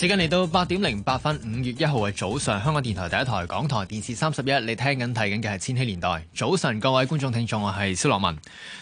時間嚟到八點零八分，五月一號嘅早上，香港電台第一台港台電視三十一，你聽緊睇緊嘅係《千禧年代》。早晨，各位觀眾聽眾，我係蕭樂文，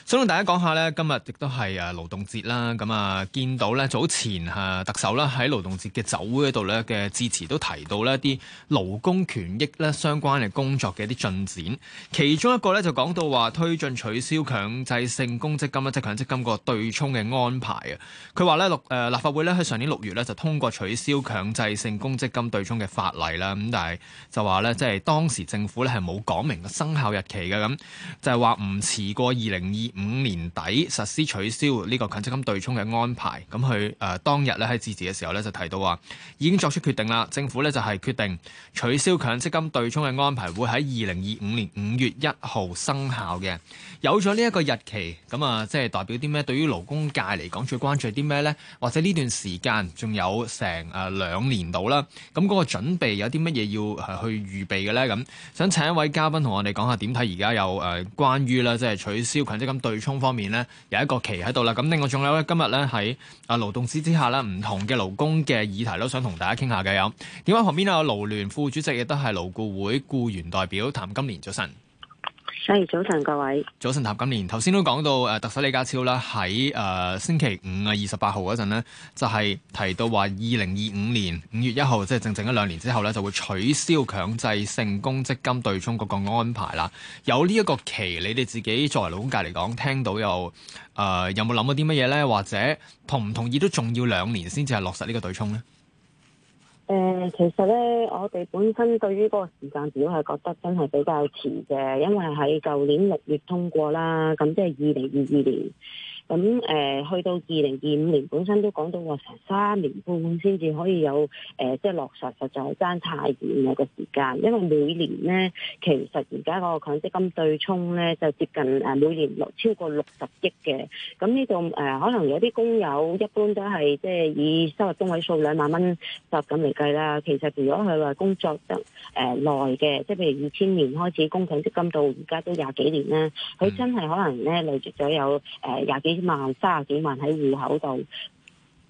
想同大家講下呢今日亦都係誒勞動節啦。咁啊，見到呢早前誒特首啦喺勞動節嘅酒會嗰度呢嘅致辭都提到呢一啲勞工權益呢相關嘅工作嘅一啲進展，其中一個呢，就講到話推進取消強制性公積金即係強積金個對沖嘅安排啊。佢話呢，誒、呃、立法會呢喺上年六月呢就通過取消。消強制性公積金對沖嘅法例啦，咁但係就話咧，即係當時政府咧係冇講明生效日期嘅，咁就係話唔遲過二零二五年底實施取消呢個強積金對沖嘅安排。咁佢誒當日咧喺致辭嘅時候咧就提到話已經作出決定啦，政府咧就係決定取消強積金對沖嘅安排會喺二零二五年五月一號生效嘅。有咗呢一個日期，咁啊即係代表啲咩？對於勞工界嚟講最關注係啲咩呢？或者呢段時間仲有成誒兩年度啦，咁嗰個準備有啲乜嘢要去預備嘅呢？咁想請一位嘉賓同我哋講下點睇而家有誒、呃、關於咧，即係取消強積金對沖方面呢，有一個期喺度啦。咁另外仲有呢，今日呢喺啊勞動節之下呢，唔同嘅勞工嘅議題都想同大家傾下嘅有。點解旁邊有勞聯副主席，亦都係勞顧會僱員代表譚金蓮，早晨。誒，早晨各位。早晨，譚金蓮頭先都講到誒、呃，特首李家超啦，喺誒、呃、星期五啊，二十八號嗰陣咧，就係、是、提到話，二零二五年五月一號，即係整整一兩年之後呢，就會取消強制性公積金對沖嗰個安排啦。有呢一個期，你哋自己作為勞工界嚟講，聽到又誒、呃，有冇諗過啲乜嘢呢？或者同唔同意都仲要兩年先至係落實呢個對沖呢？誒、呃，其實咧，我哋本身對於嗰個時間表係覺得真係比較遲嘅，因為喺舊年六月通過啦，咁即係二零二二年。咁誒、呃、去到二零二五年，本身都講到話成三年半先至可以有誒、呃，即係落實，實在係爭太遠啦、嗰個時間。因為每年咧，其實而家嗰個強積金對沖咧，就接近誒每年六超過六十億嘅。咁呢度誒，可能有啲工友一般都係即係以收入中位數兩萬蚊就咁嚟計啦。其實如果佢話工作得誒耐嘅，即係譬如二千年開始供強積金到而家都廿幾年啦，佢真係可能咧累積咗有誒廿、呃、幾萬三十幾萬喺戶口度。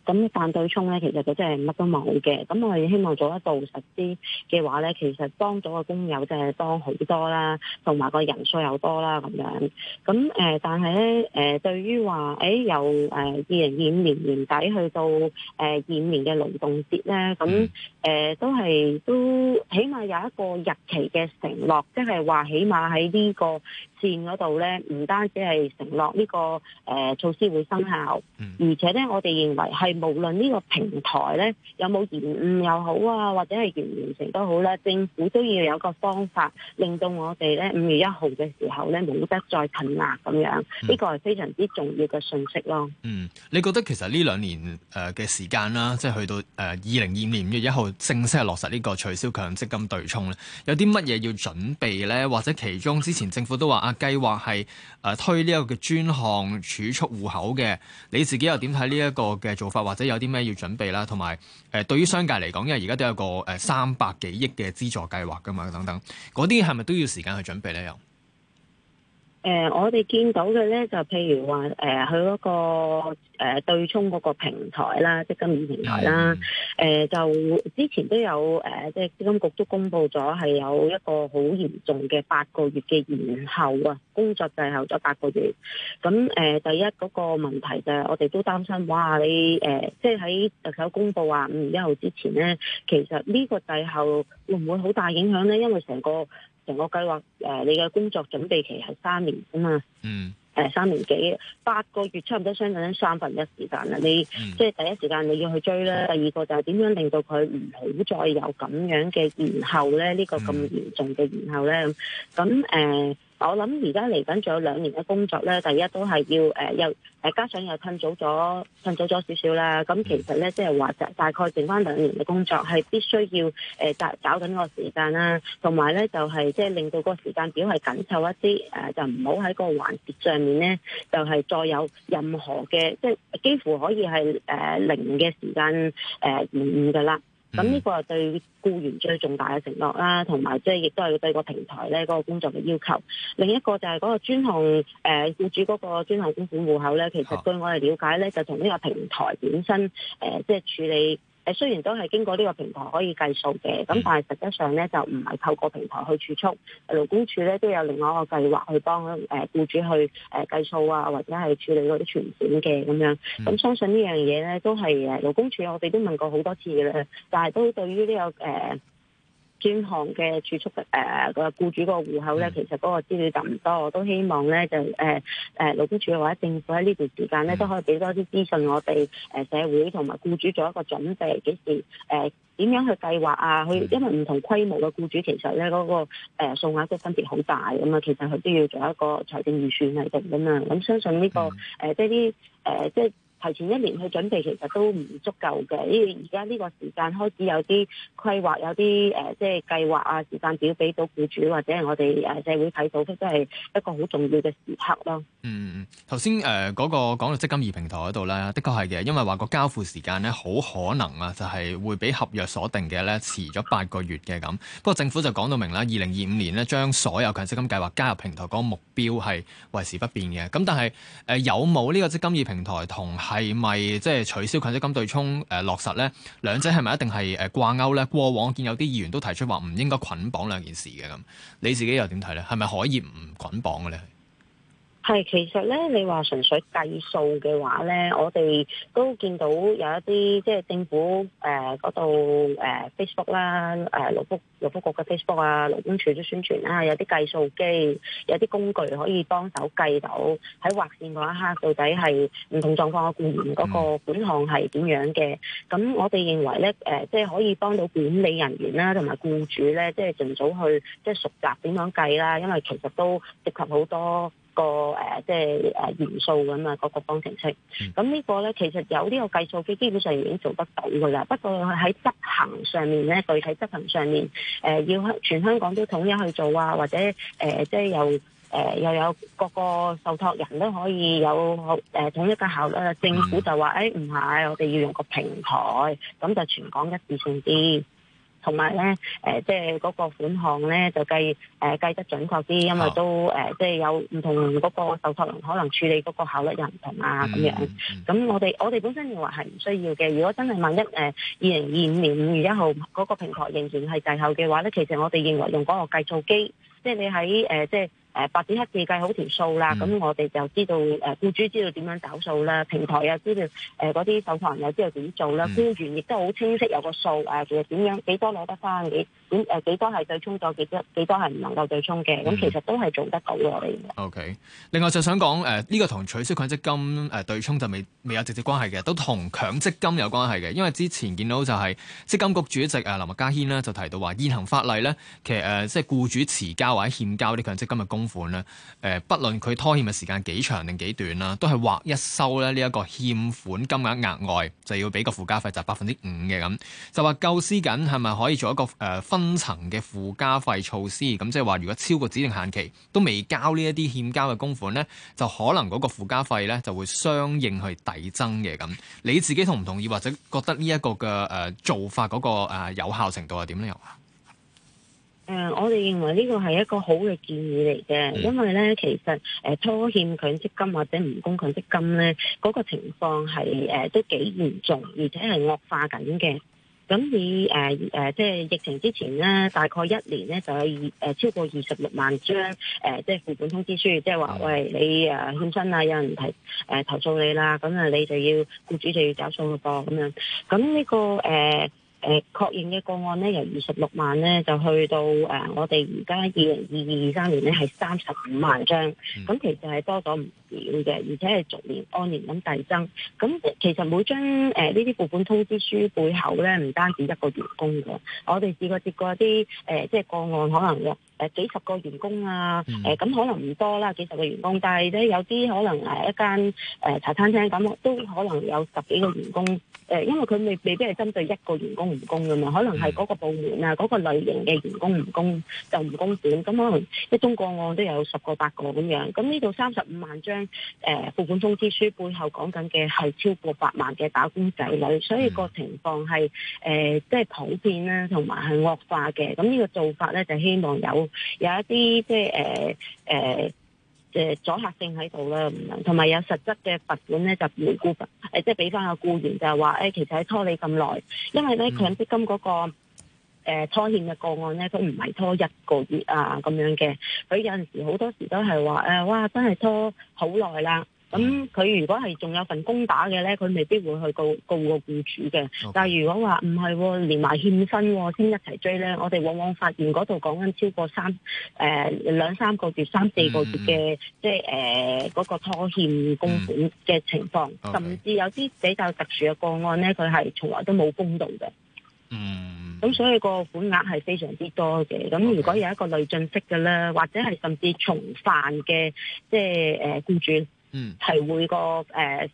咁彈對沖咧，其實佢真係乜都冇嘅。咁我哋希望做得務實啲嘅話咧，其實幫咗個工友真係幫好多啦，同埋個人數又多啦咁樣。咁誒，但係咧誒，對於話誒由誒二零二五年年底去到誒二五年嘅勞動節咧，咁誒都係都起碼有一個日期嘅承諾，即係話起碼喺呢個線嗰度咧，唔單止係承諾呢個誒措施會生效，而且咧我哋認為係。無論呢個平台咧有冇延誤又好啊，或者係完唔完成都好咧，政府都要有個方法令到我哋咧五月一號嘅時候咧冇得再困壓咁樣，呢個係非常之重要嘅訊息咯。嗯，你覺得其實呢兩年誒嘅時間啦，即係去到誒二零二五年五月一號正式係落實呢個取消強積金對沖咧，有啲乜嘢要準備呢？或者其中之前政府都話、啊、計劃係誒、啊、推呢一個嘅專項儲蓄戶口嘅，你自己又點睇呢一個嘅做法？或者有啲咩要準備啦，同埋誒對於商界嚟講，因為而家都有個誒三百幾億嘅資助計劃㗎嘛，等等嗰啲係咪都要時間去準備呢？又？誒、呃，我哋見到嘅咧，就譬如話，誒、呃，佢嗰個誒對沖嗰個平台啦，即係金業平台啦，誒、呃，就、呃、之前都有誒，即係基金局都公布咗係有一個好嚴重嘅八個月嘅延後啊，工作滯後咗八個月。咁誒、呃，第一嗰、那個問題就係、是、我哋都擔心，哇！你誒、呃，即係喺特首公佈話五月一號之前咧，其實呢個滯後會唔會好大影響咧？因為成個成個計劃，誒、呃，你嘅工作準備期係三年啫嘛，誒、嗯呃，三年幾八個月差，差唔多相等於三分一時間啦。你、嗯、即係第一時間你要去追啦，第二個就係點樣令到佢唔好再有咁樣嘅延後咧？這個、這嚴後呢個咁嚴重嘅延後咧，咁、嗯、誒。嗯我諗而家嚟緊仲有兩年嘅工作咧，第一都係要誒又誒加上又趁早咗，趁早咗少少啦。咁、嗯、其實咧，即係話就是、大概剩翻兩年嘅工作，係必須要誒、呃、搞搞緊個時間啦、啊，同埋咧就係即係令到個時間表係緊湊一啲誒、呃，就唔好喺個環節上面咧就係、是、再有任何嘅即係幾乎可以係誒、呃、零嘅時間誒延誤噶啦。呃咁呢、mm hmm. 個係對僱員最重大嘅承諾啦，同埋即係亦都係對個平台咧嗰個工作嘅要求。另一個就係嗰個專項，誒、呃，僱主嗰個專項公款戶口咧，其實據我哋了解咧，就同呢個平台本身，誒、呃、即、就、係、是、處理。誒，雖然都係經過呢個平台可以計數嘅，咁但係實質上咧就唔係透過平台去儲蓄，勞工處咧都有另外一個計劃去幫誒僱、呃、主去誒、呃、計數啊，或者係處理嗰啲存款嘅咁樣，咁、嗯、相信呢樣嘢咧都係誒勞工處，我哋都問過好多次嘅啦，但係都對於呢、呢個誒。呃專項嘅儲蓄嘅誒個僱主個戶口咧，其實嗰個資料就唔多，我都希望咧就誒誒勞工處或者政府喺呢段時間咧，嗯、都可以俾多啲資訊我哋誒社會同埋僱主做一個準備，幾時誒點樣去計劃啊？去因為唔同規模嘅僱主，其實咧嗰個誒數額都分別好大咁嘛，其實佢都要做一個財政預算嚟定噶嘛。咁相信呢個誒即係啲誒即係。嗯呃即係。提前一年去準備其實都唔足夠嘅，因為而家呢個時間開始有啲規劃，有啲誒即係計劃啊，時間表俾到僱主或者我哋誒社會睇到，都都係一個好重要嘅時刻咯。嗯嗯，頭先誒嗰個講到積金易平台嗰度咧，的確係嘅，因為話個交付時間咧好可能啊，就係會比合約鎖定嘅咧遲咗八個月嘅咁。不過政府就講到明啦，二零二五年咧將所有強積金計劃加入平台嗰個目標係維持不變嘅。咁但係誒有冇呢個積金易平台同？係咪即係取消強積金對沖誒、呃、落實咧？兩者係咪一定係誒掛鈎咧？過往見有啲議員都提出話唔應該捆綁兩件事嘅咁，你自己又點睇咧？係咪可以唔捆綁嘅咧？係，其實咧，你話純粹計數嘅話咧，我哋都見到有一啲即係政府誒嗰度誒 Facebook 啦、呃，誒勞福勞福局嘅 Facebook 啊，勞工處都宣傳啦，有啲計數機，有啲工具可以幫手計到喺畫線嗰一刻到底係唔同狀況嘅僱員嗰個本項係點樣嘅。咁我哋認為咧誒、呃，即係可以幫到管理人員啦，同埋僱主咧，即係儘早去即係熟習點樣計啦。因為其實都涉及好多。個誒，即係誒元素咁啊，嗰個方程式。咁呢個咧，其實有呢個計數機，基本上已經做得到噶啦。不過喺執行上面咧，具體執行上面，誒、呃、要全香港都統一去做啊，或者誒、呃、即係又誒又有各個受託人都可以有誒、呃、統一嘅效率。嗯、政府就話誒唔係，我哋要用個平台，咁就全港一次性啲。同埋咧，誒、呃，即係嗰個款項咧，就計誒、呃、計得準確啲，因為都誒、呃，即係有唔同嗰個受託人，可能處理嗰個效率又唔同啊，咁樣。咁、嗯嗯、我哋我哋本身認為係唔需要嘅。如果真係萬一誒，二零二五年五月一號嗰個平台仍然係滯後嘅話咧，其實我哋認為用嗰個計數機，即係你喺誒、呃，即係。白紙黑字計好條數啦，咁、嗯、我哋就知道誒僱主知道點樣找數啦，平台啊知道誒嗰啲受託人又知道點、呃、做啦，僱員亦都好清晰有個數啊，其實點樣幾多攞得翻，幾多係對沖咗，幾多幾多係唔能夠對沖嘅，咁、嗯、其實都係做得到嘅。O、okay. K，另外就想講誒呢個同取消強積金誒、呃、對沖就未未有直接關係嘅，都同強積金有關係嘅，因為之前見到就係積金局主席啊、呃、林麥嘉軒呢就提到話現行法例呢，其實誒、呃、即係僱主遲交或者欠交啲強積金嘅供款啦，誒、嗯，不論佢拖欠嘅時間幾長定幾短啦，都係劃一收咧，呢一個欠款金額額外就要俾個附加費就係百分之五嘅，咁，就話構思緊係咪可以做一個誒、呃、分層嘅附加費措施，咁即係話如果超過指定限期都未交呢一啲欠交嘅供款咧，就可能嗰個附加費咧就會相應去遞增嘅，咁，你自己同唔同意或者覺得呢、這、一個嘅誒、呃、做法嗰、那個誒、呃、有效程度係點咧又？誒、呃，我哋認為呢個係一個好嘅建議嚟嘅，因為呢，其實誒、呃、拖欠強積金或者唔供強積金呢，嗰、那個情況係誒、呃、都幾嚴重，而且係惡化緊嘅。咁你誒誒，即係疫情之前呢，大概一年呢就有誒、呃、超過二十六萬張誒、呃，即係付款通知書，即係話的喂，你誒欠薪啊，有人提誒、呃、投訴你啦，咁啊你就要僱主就要找數嘅噃，咁樣。咁呢、這個誒。呃誒，確、呃、認嘅個案咧由二十六萬咧就去到誒、呃，我哋而家二零二二二三年咧係三十五萬張，咁、嗯、其實係多咗唔少嘅，而且係逐年按年咁遞增。咁、嗯、其實每張誒呢啲副本通知書背後咧唔單止一個員工嘅，我哋試過接過一啲誒、呃、即係個案可能誒幾十個員工啊！誒咁可能唔多啦，幾十個員工，但係咧有啲可能誒一間誒茶餐廳咁都可能有十幾個員工誒，因為佢未未必係針對一個員工唔供嘅嘛，可能係嗰個部門啊、嗰個類型嘅員工唔供就唔供短，咁可能一宗個案都有十個八個咁樣。咁呢度三十五萬張誒付款通知書背後講緊嘅係超過百萬嘅打工仔女，所以個情況係誒即係普遍啦，同埋係惡化嘅。咁呢個做法咧就希望有有一啲即係誒誒誒阻嚇性喺度啦，同埋有，有實質嘅罰款咧就、呃、回顧誒即係俾翻個僱員就係話誒，其實係拖你咁耐，因為咧強積金嗰、嗰個誒、呃、拖欠嘅個案咧，佢唔係拖一個月啊咁樣嘅，佢有陣時好多時都係話誒，哇真係拖好耐啦。咁佢如果係仲有份工打嘅咧，佢未必會去告告個僱主嘅。但係，如果話唔係連埋欠薪先一齊追咧，我哋往往發現嗰度講緊超過三誒兩、呃、三個月、三四個月嘅，嗯、即係誒嗰個拖欠供款嘅情況，嗯、okay, 甚至有啲比較特殊嘅個案咧，佢係從來都冇公道嘅。嗯，咁所以個款額係非常之多嘅。咁如果有一個累進式嘅咧，或者係甚至重犯嘅，即係誒僱主。嗯，提會個誒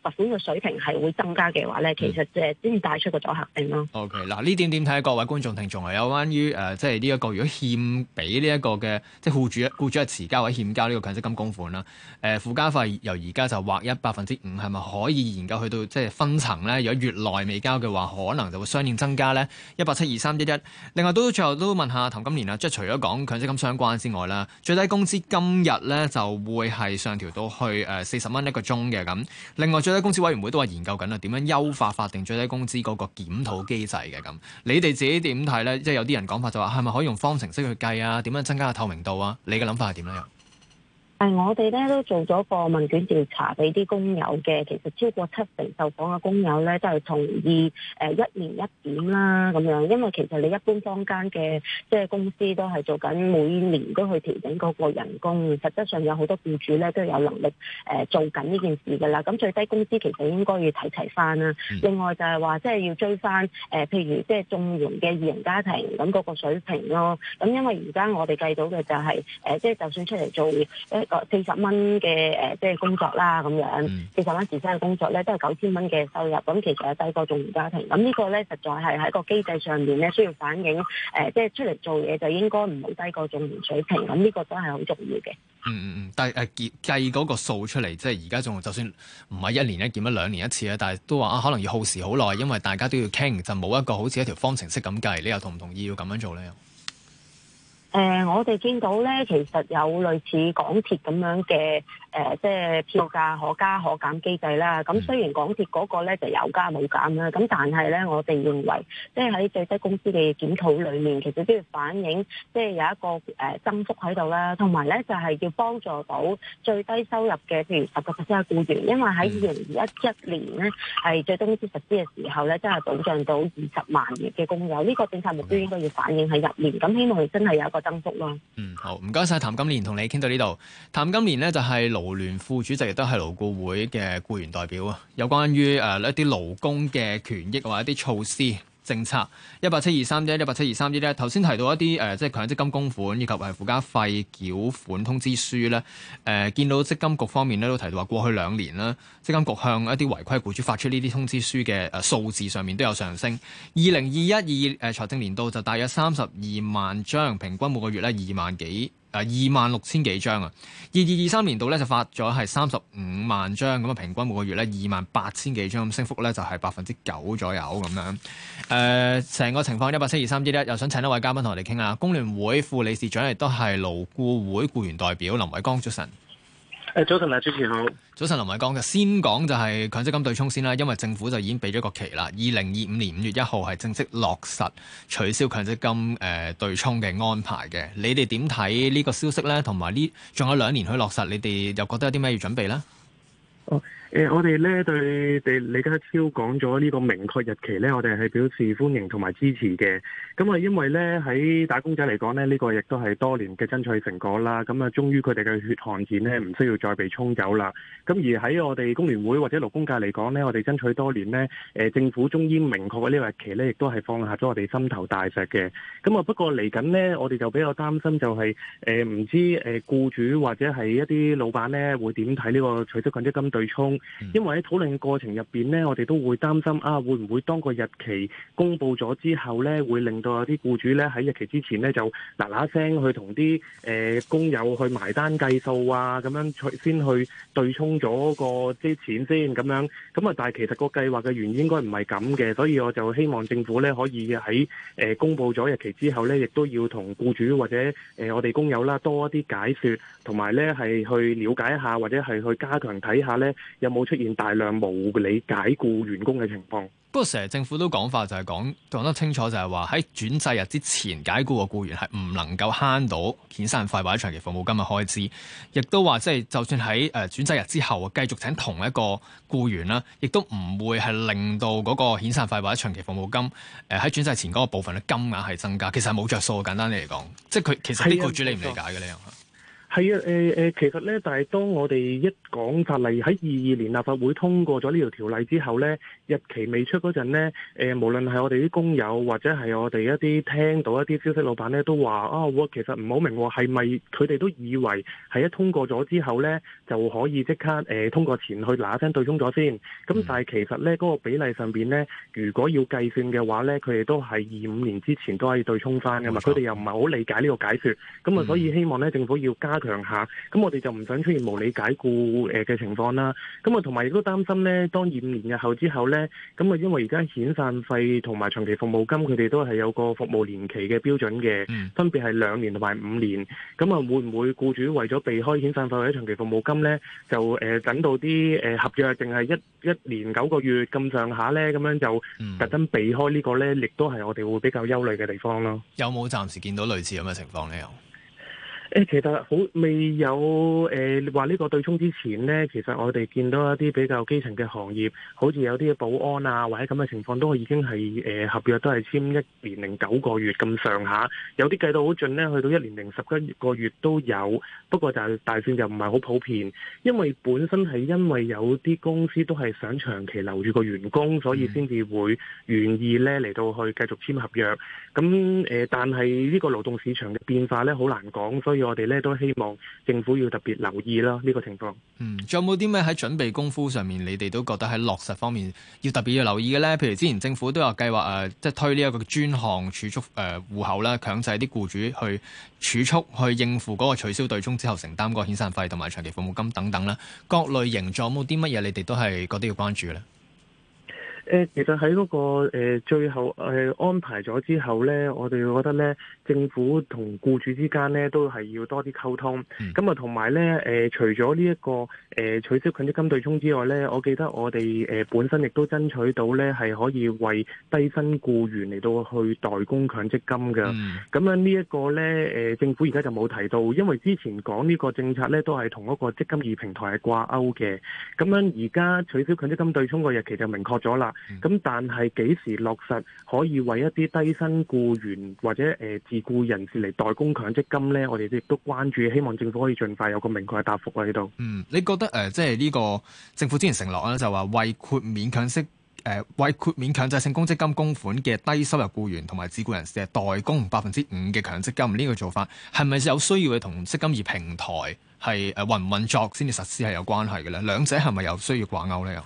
罰款嘅水平係會增加嘅話咧，其實誒先帶出個阻嚇令咯。O K，嗱呢點點睇，各位觀眾聽眾啊，有關於誒、呃、即係呢一個如果欠俾呢一個嘅即係戶主啊，僱主啊遲交或者欠交呢個強積金供款啦，誒附加費由而家就劃一百分之五，係咪可以研究去到即係分層咧？如果月內未交嘅話，可能就會相應增加咧。一八七二三一一。另外都最後都問下譚金蓮啊，即係除咗講強積金相關之外咧，最低工資今日咧就會係上調到去誒、呃呃呃呃十蚊一個鐘嘅咁，另外最低工資委員會都話研究緊啊，點樣優化法定最低工資嗰個檢討機制嘅咁？你哋自己點睇呢？即係有啲人講法就話，係咪可以用方程式去計啊？點樣增加個透明度啊？你嘅諗法係點樣？誒，我哋咧都做咗個問卷調查俾啲工友嘅，其實超過七成受訪嘅工友咧都係同意誒、呃、一年一檢啦咁樣，因為其實你一般坊間嘅即係公司都係做緊每年都去調整嗰個人工，實質上有好多僱主咧都有能力誒、呃、做緊呢件事噶啦，咁、嗯、最低工資其實應該要睇齊翻啦。另外就係話即係要追翻誒、呃，譬如即係綜援嘅二人家庭咁嗰個水平咯。咁、呃、因為而家我哋計到嘅就係、是、誒，即、呃、係就算出嚟做。呃四十蚊嘅誒，即係工作啦，咁樣四十蚊時薪嘅工作咧，都係九千蚊嘅收入。咁其實係低過綜援家庭。咁、這、呢個咧，實在係喺個機制上面咧，需要反映誒，即、呃、係、就是、出嚟做嘢就應該唔好低過綜援水平。咁、這、呢個都係好重要嘅。嗯嗯嗯，但係、啊、計計嗰個數出嚟，即係而家仲就算唔係一年一檢啦，兩年一次咧，但係都話啊，可能要耗時好耐，因為大家都要傾，就冇一個好似一條方程式咁計。你又同唔同意要咁樣做咧？誒、呃，我哋見到咧，其實有類似港鐵咁樣嘅誒、呃，即係票價可加可減機制啦。咁雖然港鐵嗰個咧就有加冇減啦，咁但係咧，我哋認為即係喺最低工資嘅檢討裏面，其實都要反映即係有一個誒、呃、增幅喺度啦。同埋咧，就係、是、要幫助到最低收入嘅，譬如十個 percent 嘅僱員，因為喺二零一一年咧係、嗯、最低工資實施嘅時候咧，真係保障到二十萬嘅嘅工友。呢、這個政策目標應該要反映喺入面。咁希望佢真係有一個。增幅咯，嗯，好，唔該晒譚金蓮，同你傾到呢度。譚金蓮咧就係勞聯副主席，亦都係勞顧會嘅僱員代表啊。有關於誒、呃、一啲勞工嘅權益或者一啲措施。政策一八七二三一，一八七二三一。咧，頭先提到一啲誒、呃，即係強積金供款以及係附加費繳款通知書咧。誒、呃，見到積金局方面咧都提到話，過去兩年咧，積金局向一啲違規僱主發出呢啲通知書嘅誒數字上面都有上升。二零二一二誒財政年度就大約三十二萬張，平均每個月咧二萬幾。二萬六千幾張啊。二二二三年度咧就發咗係三十五萬張，咁啊平均每個月咧二萬八千幾張，咁升幅咧就係百分之九左右咁樣。誒、呃，成個情況一百七二三之一，又想請一位嘉賓同我哋傾下，工聯會副理事長亦都係勞顧會僱員代表林偉江，早晨。誒，早晨啊，主持人好。早晨，林偉江嘅，先講就係強積金對沖先啦，因為政府就已經俾咗個期啦，二零二五年五月一號係正式落實取消強積金誒、呃、對沖嘅安排嘅。你哋點睇呢個消息呢？同埋呢仲有兩年去落實，你哋又覺得有啲咩要準備呢？哦誒，我哋咧對哋李家超講咗呢個明確日期咧，我哋係表示歡迎同埋支持嘅。咁啊，因為咧喺打工仔嚟講呢，呢個亦都係多年嘅爭取成果啦。咁啊，終於佢哋嘅血汗錢咧，唔需要再被沖走啦。咁而喺我哋工聯會或者勞工界嚟講咧，我哋爭取多年呢，誒政府終於明確嘅呢個日期咧，亦都係放下咗我哋心頭大石嘅。咁啊，不過嚟緊呢，我哋就比較擔心就係誒唔知誒僱主或者係一啲老闆咧，會點睇呢個取消強積金對沖？因為喺討論嘅過程入邊呢，我哋都會擔心啊，會唔會當個日期公布咗之後呢，會令到有啲僱主呢喺日期之前呢，就嗱嗱聲去同啲誒工友去埋單計數啊，咁樣先去對沖咗個啲錢先咁樣。咁啊，但係其實個計劃嘅原因應該唔係咁嘅，所以我就希望政府呢，可以喺誒、呃、公布咗日期之後呢，亦都要同僱主或者誒、呃、我哋工友啦多一啲解説，同埋呢係去了解一下，或者係去加強睇下呢。有。冇出現大量無理解僱員工嘅情況。不過成日政府都講法就係，講講得清楚就，就係話喺轉制日之前解僱嘅僱員係唔能夠慳到遣散費或者長期服務金嘅開支。亦都話即係就算喺誒轉制日之後繼續請同一個僱員啦，亦都唔會係令到嗰個遣散費或者長期服務金誒喺轉制前嗰個部分嘅金額係增加。其實係冇着數，簡單啲嚟講，即係佢其實呢啲僱主理唔理解嘅呢？係啊，誒、呃、誒，其實咧，但係當我哋一講法例喺二二年立法會通過咗呢條條例之後咧，日期未出嗰陣咧，誒、呃，無論係我哋啲工友或者係我哋一啲聽到一啲消息，老闆咧都話啊，我其實唔好明喎、啊，係咪佢哋都以為係一通過咗之後咧就可以即刻誒、呃、通過前去嗱一聲對沖咗先？咁但係其實咧嗰、那個比例上邊咧，如果要計算嘅話咧，佢哋都係二五年之前都可以對沖翻㗎嘛。佢哋錯又唔係好理解呢個解説，咁啊，所以希望咧政府要加。上下咁，我哋就唔想出現無理解僱誒嘅情況啦。咁啊，同埋亦都擔心咧，當二五年日後之後咧，咁啊，因為而家遣散費同埋長期服務金，佢哋都係有個服務年期嘅標準嘅，分別係兩年同埋五年。咁啊，會唔會僱主為咗避開遣散費或者長期服務金咧，就誒等到啲誒合約淨係一一年九個月咁上下咧，咁樣就特登避開呢個咧，亦都係我哋會比較憂慮嘅地方咯。有冇暫時見到類似咁嘅情況咧？有。誒其實好未有誒話呢個對沖之前呢，其實我哋見到一啲比較基層嘅行業，好似有啲保安啊或者咁嘅情況，都已經係誒合約都係簽一年零九個月咁上下，有啲計到好盡呢，去到一年零十一個月都有。不過就係大市就唔係好普遍，因為本身係因為有啲公司都係想長期留住個員工，所以先至會願意呢嚟到去繼續簽合約。咁誒，但係呢個勞動市場嘅變化呢，好難講，所以。所以我哋咧都希望政府要特別留意啦呢個情況。嗯，仲有冇啲咩喺準備功夫上面，你哋都覺得喺落實方面要特別要留意嘅咧？譬如之前政府都有計劃誒，即係推呢、呃、一個專項儲蓄誒戶口啦，強制啲雇主去儲蓄去應付嗰個取消對沖之後承擔嗰個遣散費同埋長期服務金等等啦。各類型仲有冇啲乜嘢你哋都係覺得要關注咧？誒，其實喺嗰、那個誒、呃、最後誒、呃、安排咗之後咧，我哋覺得咧，政府同僱主之間咧都係要多啲溝通。咁啊、mm.，同埋咧，誒除咗呢一個誒、呃、取消強積金對沖之外咧，我記得我哋誒、呃、本身亦都爭取到咧係可以為低薪僱員嚟到去代供強積金噶。咁、mm. 樣這呢一個咧，誒、呃、政府而家就冇提到，因為之前講呢個政策咧都係同嗰個積金易平台係掛鈎嘅。咁樣而家取消強積金對沖個日期就明確咗啦。咁、嗯嗯、但係幾時落實可以為一啲低薪僱員或者誒、呃、自僱人士嚟，代供強積金呢？我哋亦都關注，希望政府可以盡快有個明確嘅答覆喺度。嗯，你覺得誒，即係呢個政府之前承諾咧，就話為豁免強積誒為豁免強制性公積金供款嘅低收入僱員同埋自僱人士嘅代供百分之五嘅強積金呢，這個做法，係咪有需要同積金易平台係誒運唔運作先至實施係有關係嘅咧？兩者係咪有需要掛鈎呢？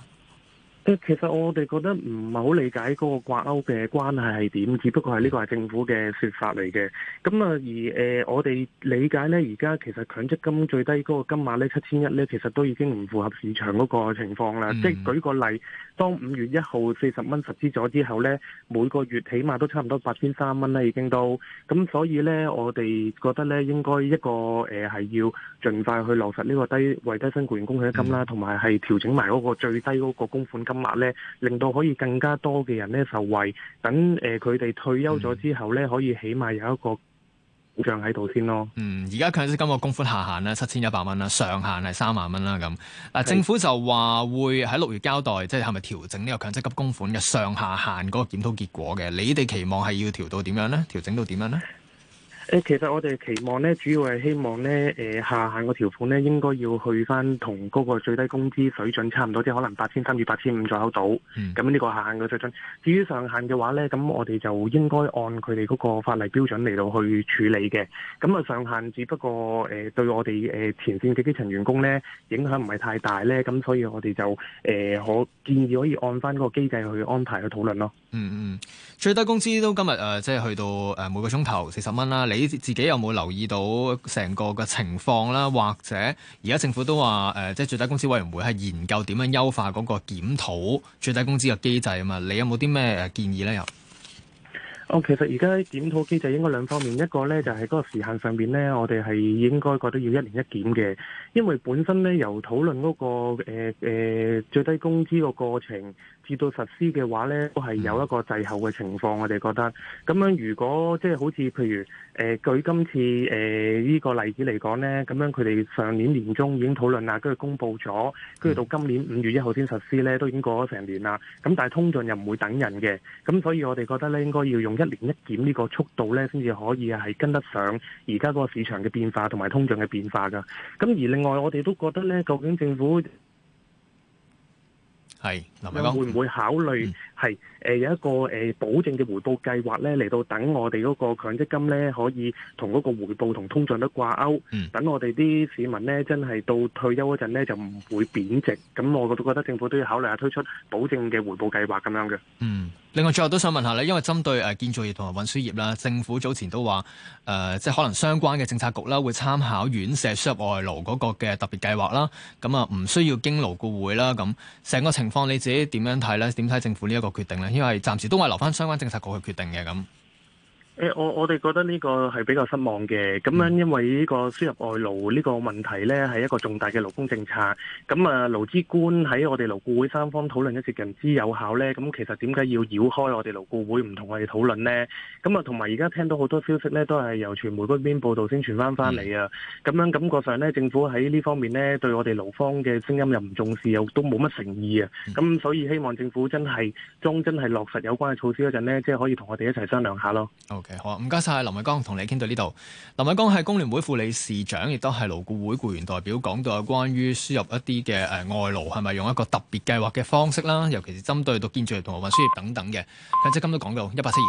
誒，其實我哋覺得唔係好理解嗰個掛鈎嘅關係係點，只不過係呢個係政府嘅説法嚟嘅。咁啊，而誒，我哋理解咧，而家其實強積金最低嗰個金額咧，七千一咧，其實都已經唔符合市場嗰個情況啦。即係舉個例，當五月一號四十蚊實施咗之後咧，每個月起碼都差唔多八千三蚊啦，已經都。咁所以咧，我哋覺得咧，應該一個誒係要盡快去落實呢個低為低薪雇員供險金啦，同埋係調整埋嗰個最低嗰個供款金。咧，令到可以更加多嘅人咧受惠。等誒佢哋退休咗之後咧，嗯、可以起碼有一個保障喺度先咯。嗯，而家強積金個供款下限咧，七千一百蚊啦，上限係三萬蚊啦。咁嗱，政府就話會喺六月交代，即係係咪調整呢個強積金供款嘅上下限嗰個檢討結果嘅？你哋期望係要調到點樣咧？調整到點樣咧？誒，其實我哋期望咧，主要係希望咧，誒下限個條款咧，應該要去翻同嗰個最低工資水準差唔多啲，即可能八千三至八千五左右到。嗯。咁呢個下限嘅水準。至於上限嘅話咧，咁我哋就應該按佢哋嗰個法例標準嚟到去處理嘅。咁啊，上限只不過誒、呃、對我哋誒前線嘅基層員工咧影響唔係太大咧，咁所以我哋就誒可、呃、建議可以按翻嗰個機制去安排去討論咯。嗯嗯。最低工資都今日誒、呃，即係去到誒每個鐘頭四十蚊啦，你。你自己有冇留意到成個嘅情況啦？或者而家政府都話誒，即係最低工資委員會係研究點樣優化嗰個檢討最低工資嘅機制啊？嘛，你有冇啲咩誒建議咧？又哦，其實而家檢討機制應該兩方面，一個咧就係嗰個時限上邊咧，我哋係應該覺得要一年一檢嘅，因為本身咧由討論嗰個誒誒最低工資個過程。至到實施嘅話呢都係有一個滯後嘅情況，我哋覺得咁樣。如果即係、就是、好似譬如誒，舉、呃、今次誒呢、呃呢個例子嚟講呢，咁樣佢哋上年年中已經討論啦，跟住公布咗，跟住到今年五月一號先實施呢，都已經過咗成年啦。咁但係通脹又唔會等人嘅，咁所以我哋覺得呢，應該要用一年一檢呢個速度呢，先至可以係跟得上而家嗰個市場嘅變化同埋通脹嘅變化噶。咁而另外我哋都覺得呢，究竟政府係林偉江會唔會考慮、嗯？係誒，有一個誒保證嘅回報計劃咧，嚟到等我哋嗰個強積金咧可以同嗰個回報同通脹都掛鈎，等我哋啲市民咧真係到退休嗰陣咧就唔會貶值。咁我覺得政府都要考慮下推出保證嘅回報計劃咁樣嘅。嗯，另外最後都想問下咧，因為針對誒建造業同埋運輸業啦，政府早前都話誒，即係可能相關嘅政策局啦，會參考院舍輸入外勞嗰個嘅特別計劃啦，咁啊唔需要經勞顧會啦，咁成個情況你自己點樣睇咧？點睇政府呢一個？決定啦，因為暫時都係留翻相關政策局去決定嘅咁。誒、欸、我我哋覺得呢個係比較失望嘅，咁樣因為呢個輸入外勞呢個問題呢，係一個重大嘅勞工政策，咁啊勞資官喺我哋勞顧會三方討論一直行之有效呢，咁其實點解要繞開我哋勞顧會唔同我哋討論呢？咁啊同埋而家聽到好多消息呢，都係由傳媒嗰邊報導先傳翻翻嚟啊，咁、嗯、樣感覺上呢，政府喺呢方面呢，對我哋勞方嘅聲音又唔重視，又都冇乜誠意啊，咁所以希望政府真係將真係落實有關嘅措施嗰陣呢，即係可以同我哋一齊商量下咯。好，啊，唔該曬林偉江，同你傾到呢度。林偉江係工聯會副理事長，亦都係勞顧會雇員代表，講到有關於輸入一啲嘅誒外勞，係咪用一個特別計劃嘅方式啦？尤其是針對到建造業同運輸業等等嘅。即係今都講到一百七二。